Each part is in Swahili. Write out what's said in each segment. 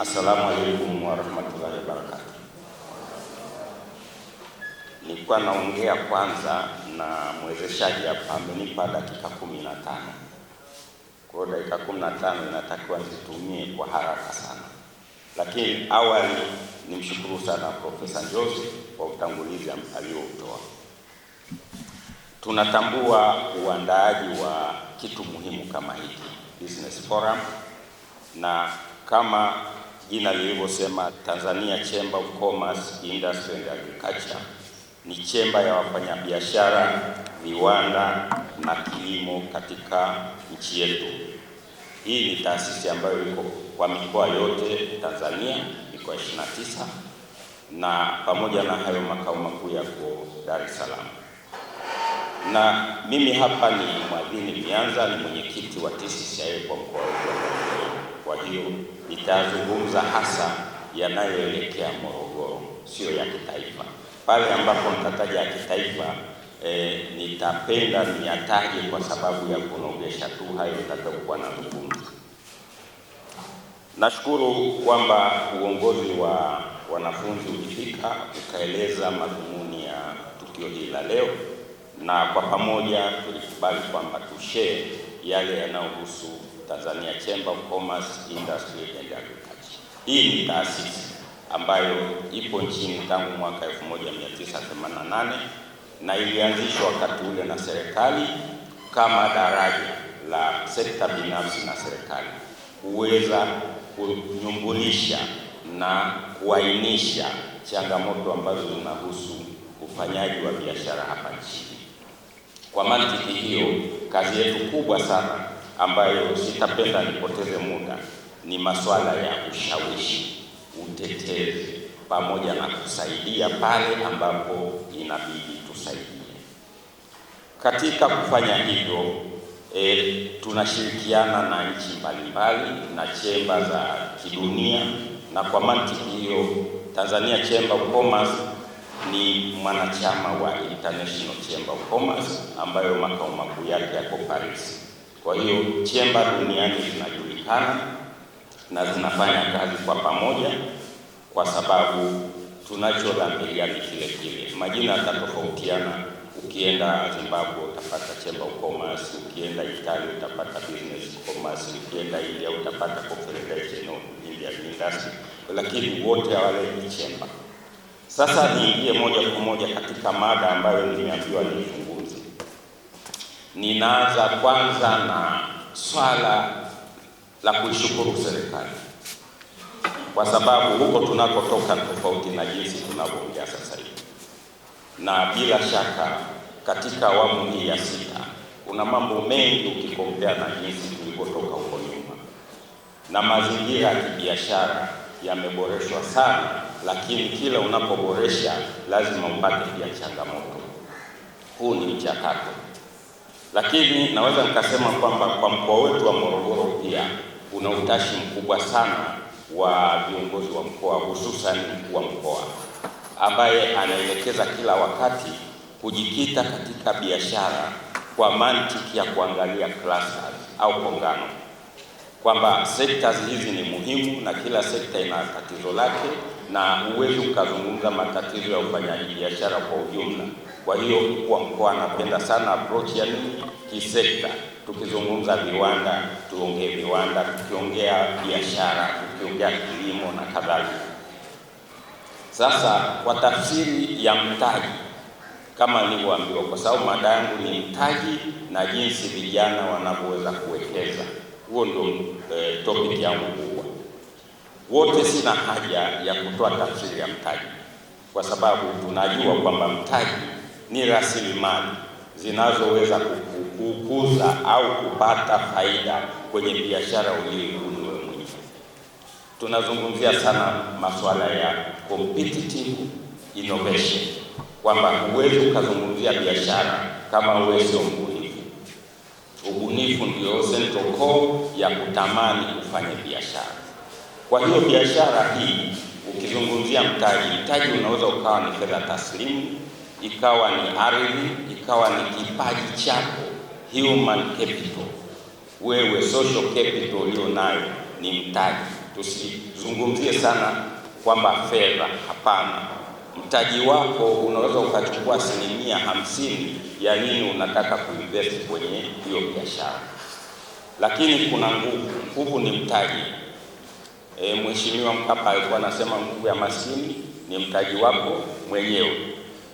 Assalamu alaikum warahmatullahi wabarakatuh. Nilikuwa naongea kwanza na mwezeshaji hapa, amenipa dakika kumi na tano. Kwa dakika kumi na tano inatakiwa nitumie kwa haraka sana, lakini awali nimshukuru sana Profesa Njozi kwa utangulizi aliyoutoa. Tunatambua uandaaji wa kitu muhimu kama hiki business forum na kama jina lilivyosema, Tanzania Chamber of Commerce, Industry and Agriculture ni chemba ya wafanyabiashara, viwanda na kilimo katika nchi yetu. Hii ni taasisi ambayo iko kwa mikoa yote Tanzania, mikoa 29 na pamoja na hayo makao makuu yako Dar es Salaam. Na mimi hapa ni Mwadhini Mianza, ni mwenyekiti wa TCCIA kwa mkoa Tanzania. Kwa hiyo nitazungumza hasa yanayoelekea Morogoro, sio ya kitaifa. Pale ambapo nitataja ya kitaifa e, nitapenda niyataje kwa sababu ya kunogesha tu hayo nitakayokuwa nazungumza. Nashukuru kwamba uongozi wa wanafunzi ulifika ukaeleza madhumuni ya tukio hili la leo, na kwa pamoja tulikubali kwamba tushee yale yanayohusu Tanzania Chamber of Commerce, Industry and Agriculture. Hii ni taasisi ambayo ipo nchini tangu mwaka 1988 na ilianzishwa wakati ule na serikali kama daraja la sekta binafsi na serikali kuweza kunyumbulisha na kuainisha changamoto ambazo zinahusu ufanyaji wa biashara hapa nchini. Kwa mantiki hiyo, kazi yetu kubwa sana ambayo sitapenda nipoteze muda ni masuala ya ushawishi, utetezi pamoja na kusaidia pale ambapo inabidi tusaidie. Katika kufanya hivyo e, tunashirikiana na nchi mbalimbali na chemba za kidunia, na kwa mantiki hiyo Tanzania Chamber of Commerce ni mwanachama wa International Chamber of Commerce ambayo makao makuu yake yako Paris. Kwa hiyo chemba duniani zinajulikana na zinafanya kazi kwa pamoja, kwa sababu tunachodhamiria ni kile kile. Majina yatatofautiana, ukienda Zimbabwe utapata chemba commerce, ukienda Italy utapata business commerce, ukienda India utapata confederation of Indian Industry, lakini wote wale ni chemba. Sasa niingie moja kwa moja katika mada ambayo nimeambiwa ni Ninaanza kwanza na swala la kuishukuru serikali kwa sababu huko tunakotoka tofauti na jinsi tunavyoongea sasa hivi, na bila shaka katika awamu hii ya sita kuna mambo mengi ukikompea na jinsi tulivyotoka huko nyuma, na mazingira ya kibiashara yameboreshwa sana, lakini kila unapoboresha lazima upate pia changamoto. Huu ni mchakato lakini naweza nikasema kwamba kwa mkoa wetu wa Morogoro pia una utashi mkubwa sana wa viongozi wa mkoa, hususan mkuu wa mkoa ambaye anaelekeza kila wakati kujikita katika biashara kwa mantiki ya kuangalia clusters au kongano, kwamba sekta hizi ni muhimu na kila sekta ina tatizo lake, na huwezi ukazungumza matatizo ya ufanyaji biashara kwa ujumla. Kwa hiyo mkuu wa mkoa anapenda sana approach ya nini kisekta. Tukizungumza viwanda, tuongee viwanda, tukiongea biashara, tukiongea kilimo na kadhalika. Sasa kwa tafsiri ya mtaji kama nilivyoambiwa, kwa sababu mada yangu ni mtaji na jinsi vijana wanavyoweza kuwekeza. Huo ndio eh, topic yangu kubwa. Wote sina haja ya kutoa tafsiri ya mtaji, kwa sababu tunajua kwamba mtaji ni rasilimali zinazoweza kukuza au kupata faida kwenye biashara uliyoibuni mwenyewe. Tunazungumzia sana masuala ya competitive innovation, kwamba huwezi ukazungumzia biashara kama wewe sio mbunifu. Ubunifu ndio central core ya kutamani kufanya biashara. Kwa hiyo biashara hii ukizungumzia mtaji, mtaji unaweza ukawa ni fedha taslimu ikawa ni ardhi, ikawa ni kipaji chako, human capital. Wewe social capital ulio nayo ni mtaji. Tusizungumzie sana kwamba fedha, hapana. Mtaji wako unaweza ukachukua asilimia hamsini ya nini unataka kuinvest kwenye hiyo biashara, lakini kuna nguvu. Nguvu ni mtaji. E, Mheshimiwa Mkapa alikuwa anasema nguvu ya maskini ni mtaji wako mwenyewe.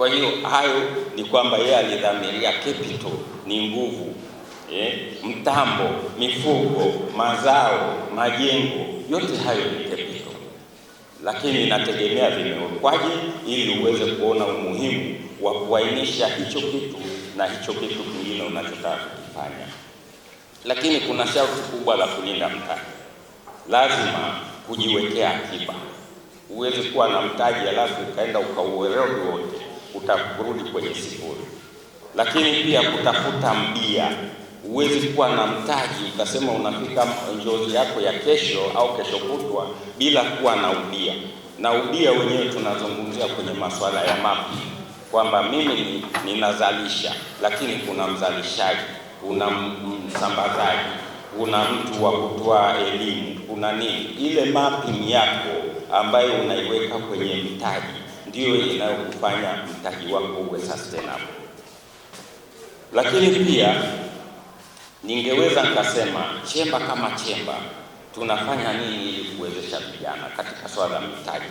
Kwa hiyo hayo ni kwamba yeye alidhamiria capital ni nguvu eh, mtambo, mifugo, mazao, majengo, yote hayo ni capital, lakini inategemea vimeokwaje ili uweze kuona umuhimu wa kuainisha hicho kitu na hicho kitu kingine unachotaka kukifanya. Lakini kuna sharti kubwa la kulinda mtaji, lazima kujiwekea akiba. Uweze kuwa na mtaji alafu ukaenda ukauerogi wote utarudi kwenye sifuri. Lakini pia kutafuta mbia, huwezi kuwa na mtaji ukasema unafika njozi yako ya kesho au kesho kutwa bila kuwa na ubia, na ubia wenyewe tunazungumzia kwenye masuala ya mapi kwamba mimi ninazalisha, lakini kuna mzalishaji, kuna msambazaji, kuna mtu wa kutoa elimu, kuna nini. Ile mapping yako ambayo unaiweka kwenye mtaji ndiyo inayokufanya mtaji wako uwe sustainable. Lakini pia ningeweza nikasema chemba kama chemba tunafanya nini ili kuwezesha vijana katika swala la mitaji.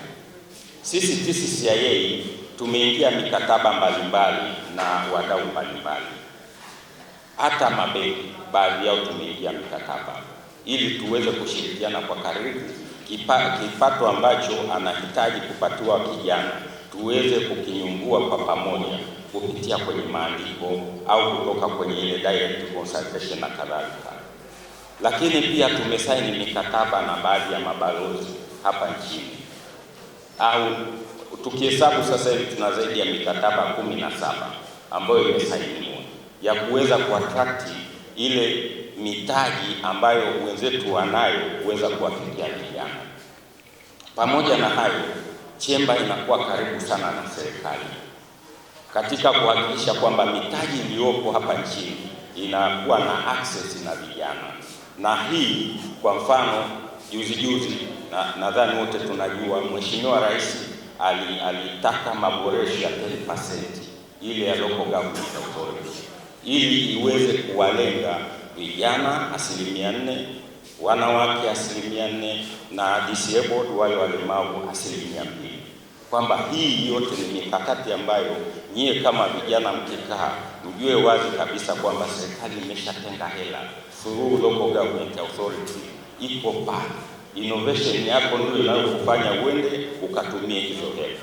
Sisi TCCIA tumeingia mikataba mbalimbali na wadau mbalimbali, hata mabenki baadhi yao tumeingia mikataba ili tuweze kushirikiana kwa karibu kipato ambacho anahitaji kupatiwa kijana tuweze kukinyungua kwa pamoja kupitia kwenye maandiko au kutoka kwenye ile direct consultation na kadhalika. Lakini pia tumesaini mikataba na baadhi ya mabalozi hapa nchini, au tukihesabu sasa hivi tuna zaidi ya mikataba kumi na saba ambayo imesainiwa ya kuweza kuatrakti ile mitaji ambayo wenzetu wanayo kuweza kuwafikia vijana. Pamoja na hayo Chemba inakuwa karibu sana na serikali katika kuhakikisha kwamba mitaji iliyopo hapa nchini inakuwa na access na vijana, na hii kwa mfano juzi juzi nadhani na wote tunajua Mheshimiwa Rais alitaka ali maboresho ya 10% ile ya local government authority ili iweze kuwalenga vijana asilimia nne wanawake asilimia nne na disabled wale walemavu asilimia mbili, kwamba hii yote ni mikakati ambayo nyie kama vijana mkikaa mjue wazi kabisa kwamba serikali imeshatenga hela through local government authority, iko pale. Innovation yako ndio inayokufanya uende ukatumie hizo hela.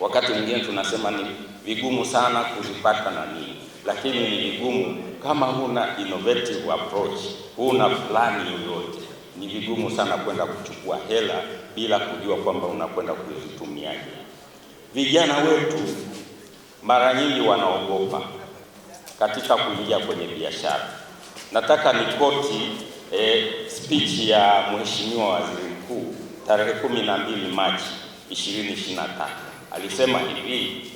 Wakati mwingine tunasema ni vigumu sana kuzipata na nini lakini ni vigumu kama huna innovative approach, huna fulani yoyote, ni vigumu sana kwenda kuchukua hela bila kujua kwamba unakwenda kuzitumiaje. Vijana wetu mara nyingi wanaogopa katika kuingia kwenye biashara. Nataka nikoti eh, speech ya Mheshimiwa Waziri Mkuu tarehe 12 Machi 2023 alisema hivi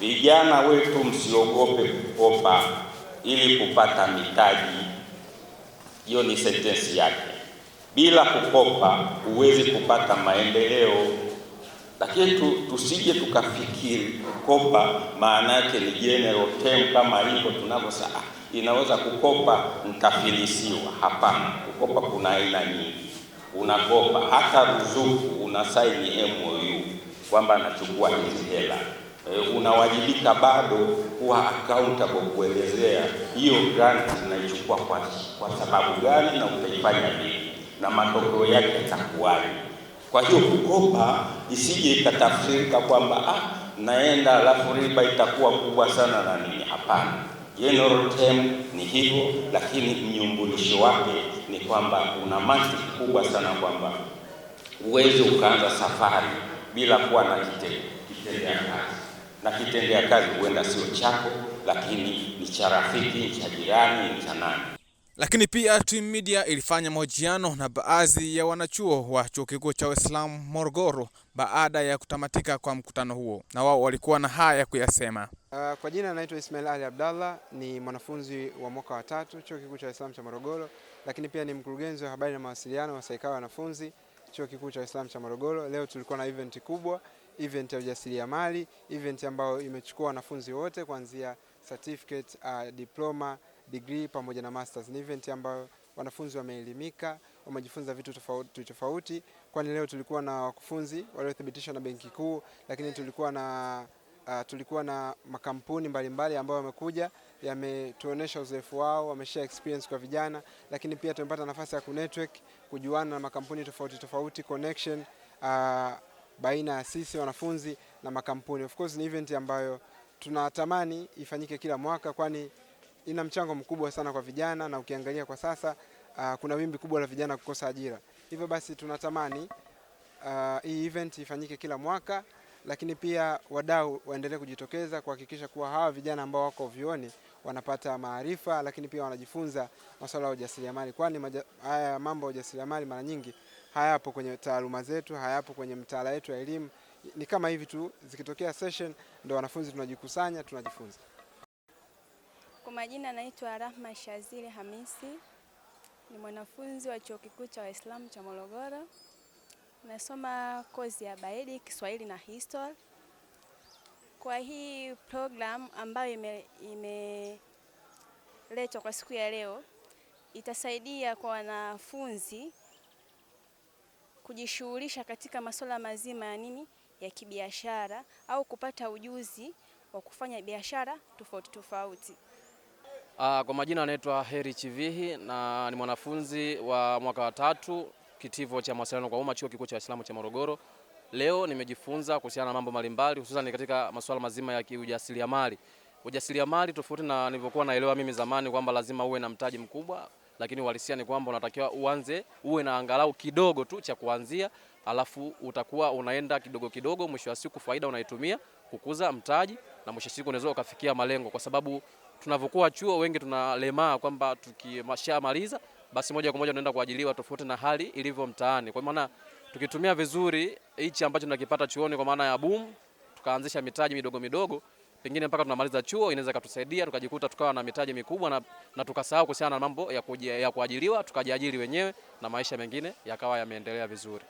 Vijana wetu msiogope kukopa ili kupata mitaji. Hiyo ni sentensi yake. Bila kukopa huwezi kupata maendeleo, lakini tu, tusije tukafikiri kukopa maana yake ni general term kama hivyo tunavyosaa, ah, inaweza kukopa nitafilisiwa. Hapana, kukopa kuna aina nyingi. Unakopa hata ruzuku, una saini MOU kwamba nachukua hizi hela Eh, unawajibika bado kuwa accountable kuelezea hiyo grant inaichukua kwa, kwa sababu gani na utaifanya nini na matokeo yake yatakuwaje. Kwa hiyo kukopa isije ikatafsirika kwamba ah, naenda alafu riba itakuwa kubwa sana na nini. Hapana, general term ni hivyo, lakini mnyumbulisho wake ni kwamba una mati kubwa sana kwamba uweze ukaanza safari bila kuwa na kitendea kazi na kitendea kazi huenda sio chako, lakini ni cha rafiki, ni cha jirani, ni cha nani. Lakini pia Twim Media ilifanya mahojiano na baadhi ya wanachuo wa chuo kikuu cha Uislamu Morogoro baada ya kutamatika kwa mkutano huo, na wao walikuwa na haya ya kuyasema. Uh, kwa jina naitwa Ismail Ali Abdallah, ni mwanafunzi wa mwaka wa tatu chuo kikuu cha Uislamu cha Morogoro, lakini pia ni mkurugenzi wa habari na mawasiliano wa saikawa wanafunzi chuo kikuu cha Uislamu cha Morogoro. Leo tulikuwa na event kubwa event ya ujasiriamali, event ambayo imechukua wanafunzi wote kuanzia certificate, uh, diploma, degree pamoja na masters. Ni event ambayo wanafunzi wameelimika, wamejifunza vitu tofauti tofauti, kwani leo tulikuwa na wakufunzi waliothibitishwa na Benki Kuu, lakini tulikuwa na Uh, tulikuwa na makampuni mbalimbali ambayo wamekuja yametuonesha uzoefu wao, wameshare experience kwa vijana, lakini pia tumepata nafasi ya ku kujuana na makampuni tofauti tofauti connection uh, baina ya sisi wanafunzi na makampuni. Of course ni event ambayo tunatamani ifanyike kila mwaka, kwani ina mchango mkubwa sana kwa vijana, na ukiangalia kwa sasa uh, kuna wimbi kubwa la vijana kukosa ajira. Hivyo basi tunatamani uh, hii event ifanyike kila mwaka, lakini pia wadau waendelee kujitokeza kuhakikisha kuwa hawa vijana ambao wako vioni wanapata maarifa, lakini pia wanajifunza masuala ya ujasiriamali, kwani haya mambo ya ujasiriamali mara nyingi hayapo kwenye taaluma zetu, hayapo kwenye mtaala wetu wa elimu. Ni kama hivi tu, zikitokea session ndo wanafunzi tunajikusanya tunajifunza. Kwa majina naitwa Rahma Shazili Hamisi, ni mwanafunzi wa chuo kikuu cha Waislamu cha Morogoro, nasoma kozi ya Baedi Kiswahili na History. Kwa hii program ambayo imeletwa ime kwa siku ya leo itasaidia kwa wanafunzi kujishughulisha katika masuala mazima ya nini ya kibiashara au kupata ujuzi wa kufanya biashara tofauti tofauti. Aa, ah, kwa majina anaitwa Heri Chivihi na ni mwanafunzi wa mwaka wa tatu kitivo cha mawasiliano kwa umma chuo kikuu cha Waislamu cha Morogoro. Leo nimejifunza kuhusiana na mambo mbalimbali hususan katika masuala mazima ya kiujasiriamali. Ujasiriamali tofauti na nilivyokuwa naelewa mimi zamani kwamba lazima uwe na mtaji mkubwa lakini uhalisia ni kwamba unatakiwa uanze uwe na angalau kidogo tu cha kuanzia, alafu utakuwa unaenda kidogo kidogo, mwisho wa siku faida unaitumia kukuza mtaji na mwisho wa siku unaweza ukafikia malengo, kwa sababu tunavyokuwa chuo wengi tunalemaa kwamba tukishamaliza basi moja kwa moja unaenda kuajiliwa, tofauti na hali ilivyo mtaani. Kwa maana tukitumia vizuri hichi ambacho tunakipata chuoni, kwa maana ya boom, tukaanzisha mitaji midogo midogo pengine mpaka tunamaliza chuo inaweza ikatusaidia tukajikuta tukawa na mitaji mikubwa na, na tukasahau kuhusiana na mambo ya, kujia, ya kuajiriwa tukajiajiri wenyewe na maisha mengine yakawa yameendelea vizuri.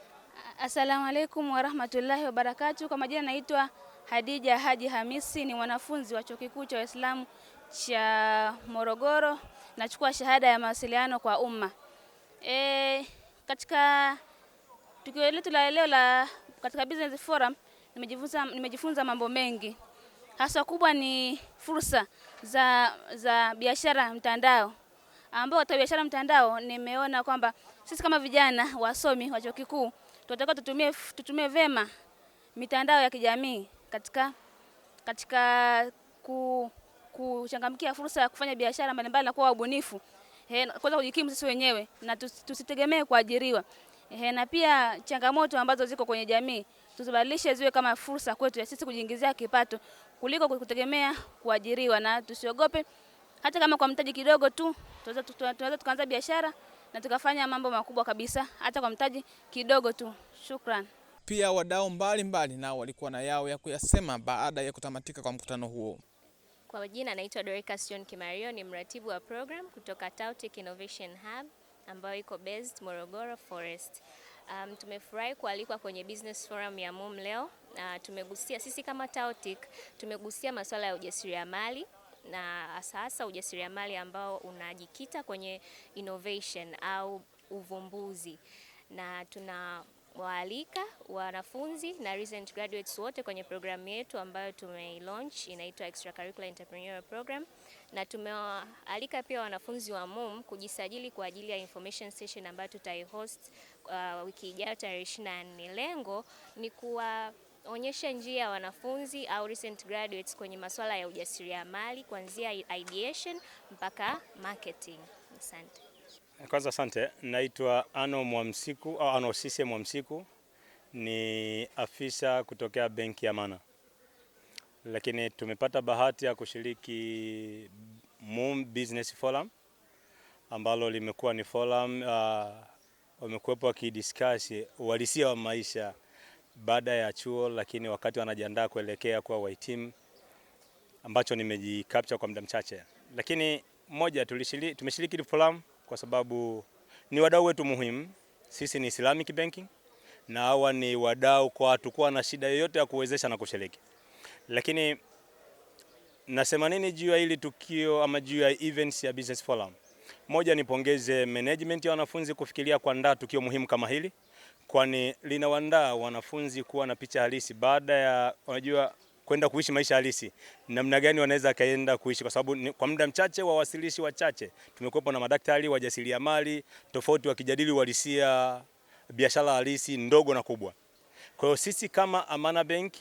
Asalamu alaikum warahmatullahi wabarakatu. Kwa majina naitwa Hadija Haji Hamisi, ni mwanafunzi wa chuo kikuu cha Waislamu cha Morogoro, nachukua shahada ya mawasiliano kwa umma. E, katika tukio letu la leo la katika business forum nimejifunza, nimejifunza mambo mengi Haswa kubwa ni fursa za, za biashara mtandao, ambao katika biashara mtandao nimeona kwamba sisi kama vijana wasomi wa chuo kikuu tunatakiwa tutumie, tutumie vema mitandao ya kijamii katika, katika ku, kuchangamkia fursa ya kufanya biashara mbalimbali na kuwa wabunifu kuweza kujikimu sisi wenyewe na tusitegemee kuajiriwa. He, na pia changamoto ambazo ziko kwenye jamii tuzibadilishe ziwe kama fursa kwetu ya sisi kujiingizia kipato kuliko kutegemea kuajiriwa, na tusiogope hata kama kwa mtaji kidogo tu tunaweza tukaanza biashara na tukafanya mambo makubwa kabisa hata kwa mtaji kidogo tu. Shukran. Pia wadau mbalimbali nao walikuwa na yao ya kuyasema baada ya kutamatika kwa mkutano huo. Kwa jina naitwa Doricas John Kimario, ni mratibu wa program kutoka Tautic Innovation Hub ambayo iko based Morogoro Forest. Um, tumefurahi kualikwa kwenye business forum ya MUM leo na tumegusia sisi kama Tautic tumegusia masuala ya ujasiriamali na sasa ujasiriamali ambao unajikita kwenye innovation au uvumbuzi, na tunawaalika wanafunzi na recent graduates wote kwenye programu yetu ambayo tumeilaunch inaitwa Extracurricular Entrepreneurial Program, na tumewaalika pia wanafunzi wa MUM kujisajili kwa ajili ya information session ambayo tutaihost uh, wiki ijayo tarehe 24. Lengo ni kuwa onyesha njia ya wanafunzi au recent graduates kwenye masuala ya ujasiriamali kuanzia ideation mpaka marketing. Asante. Kwanza asante, naitwa Ano Mwamsiku au Ano Sise Mwamsiku, ni afisa kutokea benki ya Amana, lakini tumepata bahati ya kushiriki MUM Business Forum ambalo limekuwa ni forum uh, wamekuwepo wakidiskasi uhalisia wa maisha baada ya chuo, lakini wakati wanajiandaa kuelekea kuwa wahitimu, ambacho nimejikapcha kwa muda mchache. Lakini moja, tumeshiriki forum kwa sababu ni wadau wetu muhimu. Sisi ni Islamic Banking na hawa ni wadau kwa hatukuwa na shida yoyote ya kuwezesha na kushiriki. Lakini nasema nini juu ya hili tukio ama juu ya events ya business forum? Moja, nipongeze management ya wanafunzi kufikiria kuandaa tukio muhimu kama hili kwani linawandaa wanafunzi kuwa na picha halisi baada ya unajua kwenda kuishi maisha halisi, namna gani wanaweza kaenda kuishi, kwa sababu kwa muda mchache wa wasilishi wachache tumekuwepo na madaktari, wajasiriamali tofauti wakijadili uhalisia biashara halisi ndogo na kubwa. Kwa hiyo sisi kama Amana Bank,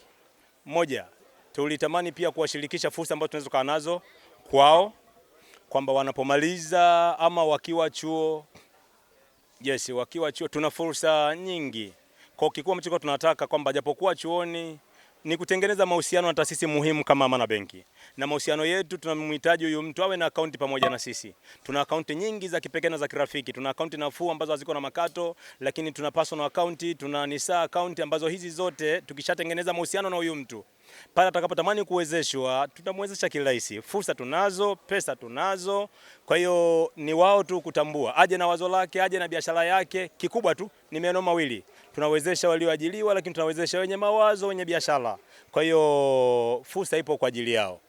moja tulitamani pia kuwashirikisha fursa ambazo tunaweza kuwa nazo kwao, kwamba wanapomaliza ama wakiwa chuo Yes, wakiwa chuo tuna fursa nyingi kwa kikuu ambacho tunataka kwamba japokuwa chuoni ni kutengeneza mahusiano na taasisi muhimu kama Amana Benki. Na mahusiano yetu tunamhitaji huyu mtu awe na akaunti pamoja na sisi. Tuna akaunti nyingi za kipekee na za kirafiki. Tuna akaunti nafuu ambazo haziko na makato, lakini tuna personal account, tuna nisa account ambazo hizi zote tukishatengeneza mahusiano na huyu mtu pale atakapotamani kuwezeshwa tutamwezesha kirahisi. Fursa tunazo, pesa tunazo. Kwa hiyo ni wao tu kutambua, aje na wazo lake, aje na biashara yake. Kikubwa tu ni meno mawili tunawezesha walioajiliwa, lakini tunawezesha wenye mawazo, wenye biashara. Kwa hiyo fursa ipo kwa ajili yao.